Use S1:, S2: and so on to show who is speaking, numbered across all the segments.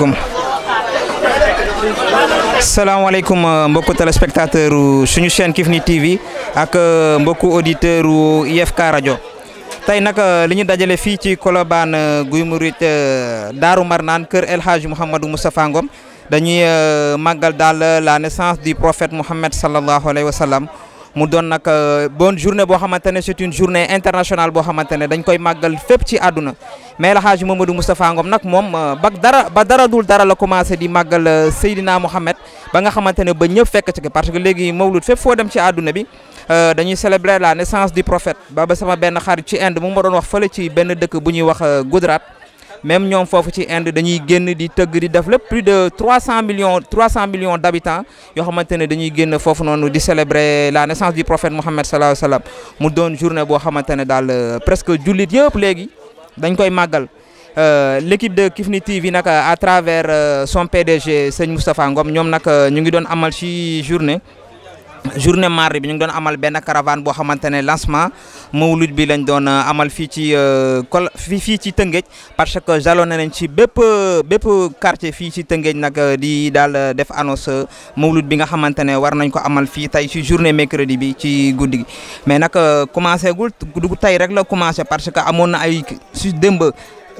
S1: salaamaaleykum salaamaaleykum euh, mbokku téléspectateur suñu chaîne Kifne TV ak euh, mbokku auditeur u IFK rajo tey nag euh, li ñu dajale fii ci Colobane Guy Murit Daaru Marnaan kër El Hadj Mouhamadou Moustapha Ngom dañuy màggal daal la naissance du prophète Mohammed sallallahu alayhi wa sallam mu doon nag euh, bon journée boo xamante ne c'est une journée internationale boo xamante ne dañ koy màggal fépp ci àdduna mais El Hadj Mamadou Moustapha Ngom nag moom euh, ba dara ba dara dul dara la commencé di màggal euh, Seydina Mohamed ba nga xamante ne ba ñëpp fekk ci parce que léegi mawlud fépp foo dem ci àdduna bi dañuy célébrer la naissance du prophète ba ba sama benn xarit ci Inde mu ma doon wax fële ci benn dëkk buñuy ñuy wax Gujarat même ñoom foofu ci Inde dañuy génn di tëgg di def lépp plus de trois cent millions trois cent millions d' yoo xamante ne dañuy génn foofu noonu di célébrer la naissance du prophète Mohammed sallallahu alayhi mu doon journée boo xamante ne daal euh, presque jullit yëpp léegi dañ koy màggal. Euh, l' équipe de Kifne TV nag à travers euh, son PDG sëñ Moustapha Ngom ñoom nag ñu ngi doon amal ci journée. journée mardi bi ñu ngi doon amal benn caravane boo xamante ne lancement mawlud bi lañ doon euh, amal fii ci euh, kol fii ci Tëngéej parce que jalonné nañ ci bépp euh, bépp quartier fii ci Tëngéej nag di daal def annonce mawlud bi nga xamante ne war nañ ko amal fii tey ci journée mercredi bi ci guddi gi mais nag commencé gul du tey rek la commencé parce que amoon na ay si démb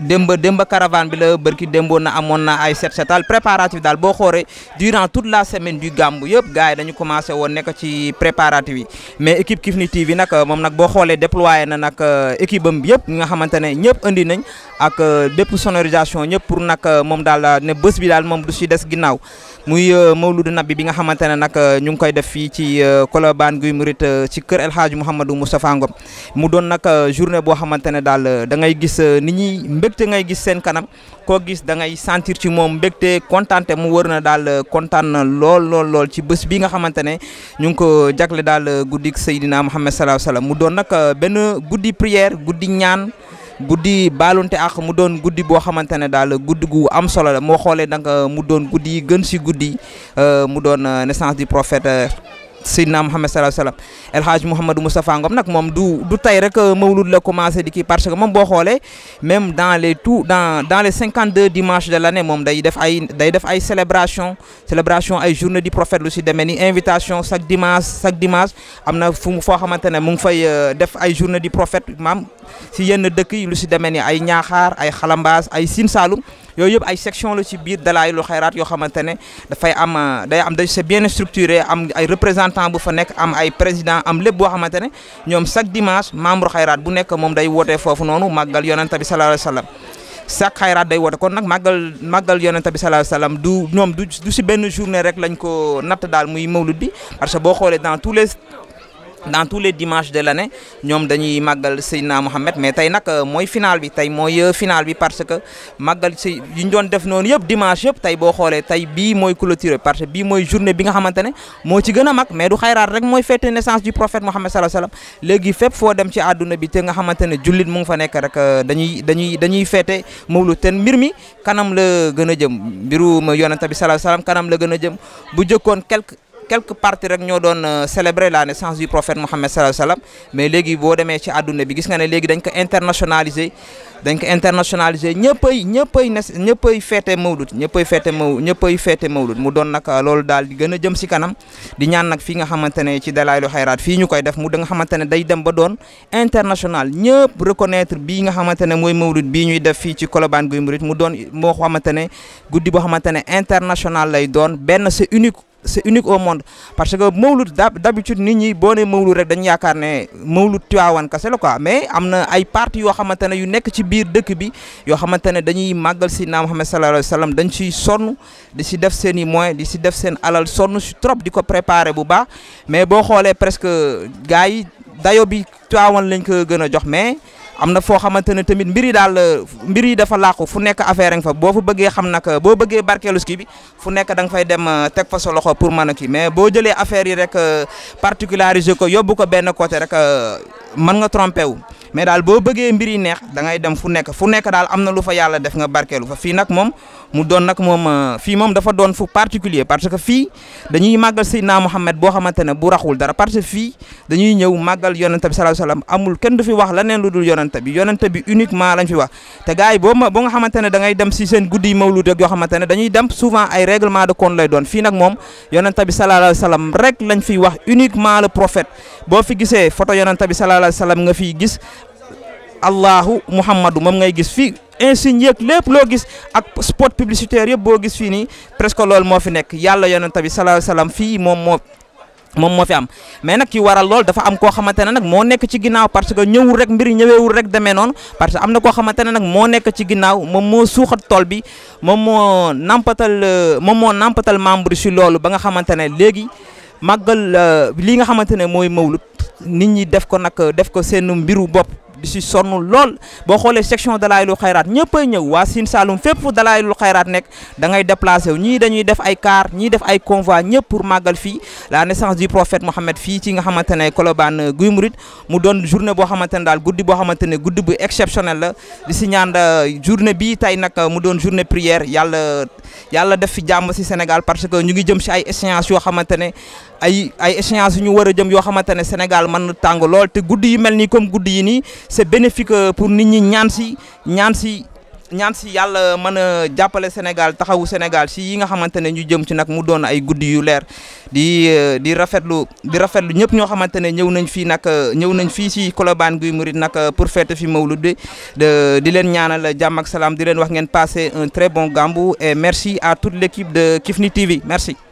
S1: démb démb caravane bi la bërki démboon na amoon na ay set setal préparatif daal boo xoolee durant tout la semaine du gàmmu yëpp gars yi dañu commencé woon nekk ci préparatif yi mais équipe Kifne TV nag moom nag boo xoolee déployé na nag euh, équipe am yëpp nga xamante ne ñëpp indi nañ ak euh, bépp sonorisation ñëpp pour nag euh, moom daal euh, ne bés bi daal moom du si des ginnaaw muy mawludu nab bi nga xamante ne nag ñu ngi koy def fii ci Colobane Guy Mouride ci kër El Hadj Mouhamadou Moustapha Ngom mu doon nag journée boo xamante ne daal da ngay gis ni ñuy mbégte ngay gis seen kanam koo gis da ngay sentir ci moom mbégte kontaante mu wër na daal kontaan lool lool ci bés bi nga xamante ne ñu ngi ko jagle daal guddik Seydina Mouhamed salaahu salaam mu doon nag benn guddi prière guddi ñaan. guddi baalunte ak mu doon guddi boo xamante ne daal guddi gu am solo la moo xoolee donc euh, mu doon guddi gën si guddi euh, mu doon euh, naissance du prophète Seydina Mohamed sallallahu alayhi wa sallam El Hadj Mouhamadou Moustapha nag moom du du tey rek mawlud la commencé di kii parce que moom boo xoolee même dans le tout dans dans les cinquante deux dimanches de l' année moom day def ay day def ay célébration célébration ay journée du prophète lu si demee ni invitation chaque dimanche chaque dimanche am na fu foo xamante ne mu ngi fay def ay journée du prophète maam si yenn dëkk yi lu si demee ni ay ñaaxaar ay xalambaas ay Sine Saloum yooyu yëpp ay section la si biir dalaay lu xayraat yoo xamante ne dafay am euh, day am day c'est bien structuré am ay représentant bu fa nekk am ay président am lépp boo xamante ne ñoom chaque dimanche membre xayraat bu nekk moom day wootee foofu noonu màggal yonent bi sallallahu alayhi wa sallam chaque xayraat day woote kon nag màggal màggal yonent bi sallallahu alayhi wasallam du ñoom du du si benn journée rek lañ ko natt daal muy mawlud bi parce que boo xoolee dans tous les dans tous les dimanches de l'année ñoom dañuy màggal Seydina Mohamed mais tey nag euh, mooy final bi tey mooy euh, final bi parce que maggal si yu ñu doon def noonu yëpp dimanche yëpp tey boo xoolee tey bii mooy clôture parce que bii mooy journée bi nga xamante ne moo ci gën a mag mais du xayraat rek mooy fête naissance du prophète Mohamed sallallahu alayhi wasallam léegi fépp foo dem ci àdduna bi te nga xamante ne jullit mu ngi fa nekk rek euh, dañuy dañuy dañuy fête mawlu ten mbir mi kanam la gën a jëm mbirum yonent bi sallallahu alayhi wasallam kanam la gën a jëm quelques parties rek ñoo doon euh, célébrer la naissance du prophète Mohammed sallallahu alayhi wa sallam mais léegi boo demee ci àdduna bi gis nga ne léegi dañ ko internationaliser dañ ko internationaliser ñëppay ñëppay ne ñëppay feete mawlud ñëppay feete maw ñëppay feete mawlud mu doon nag euh, loolu daal di gën a jëm si kanam di ñaan nag fii nga xamante ne ci dalaylu xayraat fii ñu koy def mu da nga xamante ne day dem ba doon international ñëpp reconnaître bii nga xamante ne mooy mawlud bii ñuy def fii ci Colobane Guy Murit mu doon moo xamante ne guddi boo xamante ne international lay doon benn c'est unique c'est unique au monde parce que mawlud d'habitude nit ñi boo nee mawlud rek dañ yaakaar ne mawlud Tiwaawan kese la quoi mais am na ay parti yoo xamante ne yu nekk ci biir dëkk bi yoo xamante ne dañuy màggal si naa Muhammad sallallahu alayhi wa dañ ciy sonn di si def seen i moyens di si def seen alal sonn si trop di ko préparer bu baax mais boo xoolee presque gars yi dayo bi Tiwaawan lañ ko gën a jox mais am na foo xamante ne tamit mbir yi daal euh, mbir yi dafa làqu fu nekk affaire nga fa boo fa bëggee xam nag boo bëggee barkeelu ski bi fu nekk danga nga fay dem euh, teg fa sa loxo pour mën a kii mais boo jëlee affaire yi rek euh, particularisé ko yóbbu ko benn côté rek mën nga trompé wu. mais daal boo bëggee mbir yi neex da ngay dem fu nekk fu nekk daal am na lu fa yàlla def nga barkeelu fa fii nag moom mu doon nag moom euh, fii moom dafa doon fu particulier parce que fii dañuy màggal Seydina Mouhamed boo xamante ne bu raxul dara parce que fii dañuy ñëw màggal yonente bi sallallahu alayhi wasallam amul kenn du fi wax neen lu dul yonente bi yonente bi uniquement lañ fi wax te gars yi boo ma boo nga xamante ne da ngay dem si seen guddi mawlud ak yoo xamante ne dañuy dem souvent ay règlement de compte lay doon fii moom yonente bi sallallahu rek lañ fiy wax uniquement le prophète boo fi gisee photo yonente bi sallallahu alayhi wasallam nga fiy gis Allahu Muhammadu moom ngay gis fii insigne yeeg lépp loo gis ak sport publicitaire yëpp boo gis fii nii presque loolu moo fi nekk yàlla yonent bi salaa salaam fii moom moo moom moo fi am mais na ki waral lool dafa am koo xamante ne nag moo nekk ci ginnaaw que ñëwul rek mbir ñëweewul rek demee noonu parce que am na koo xamante ne moo nekk ci ginnaaw moom moo suuxat tool bi moom moo nampatal moom moo nampatal membre si loolu ba nga xamante ne léegi màggal euh, li nga xamante ne mooy mawlud nit ñi def ko nag def ko seen mbiru bopp di si sonn lool boo xoolee section dalaayilul xayraat ñëppay ñëw waa Sine Saloum fépp fu lu xayraat nekk da ngay déplacé wu ñii dañuy def ay car ñii def ay convoi ñëpp pour màggal fii la naissance du prophète Mohamed fii ci nga xamante ne Colobane euh, Guy Mouride mu doon journée boo xamante ne daal guddi boo xamante ne guddi bu exceptionnel la di si ñaan euh, journée bi tey nag euh, mu doon journée prière yàlla yàlla def fi jàmm si Sénégal parce que ñu ngi jëm si ay échéances yoo xamante ne ay ay échéances ñu war a jëm yoo xamante ne Sénégal mën na tàng lool te guddi yi mel nii comme guddi yi nii c'est bénéfique pour nit ñi ñaan si ñaan si. ñaan si yàlla mën a jàppale Sénégal taxawu Sénégal si yi nga xamante ne ñu jëm ci nag mu doon ay guddi yu leer di eh, di rafetlu di rafetlu ñëpp ñoo xamante ne ñëw nañ fii nag eh, ñëw nañ fii si Colobane Guy rit nag eh, pour fête fi Mawlud bi di leen ñaanal jàmm ak salaam di leen wax ngeen passé un très bon gambu e merci à toute l'équipe de Kifni TV merci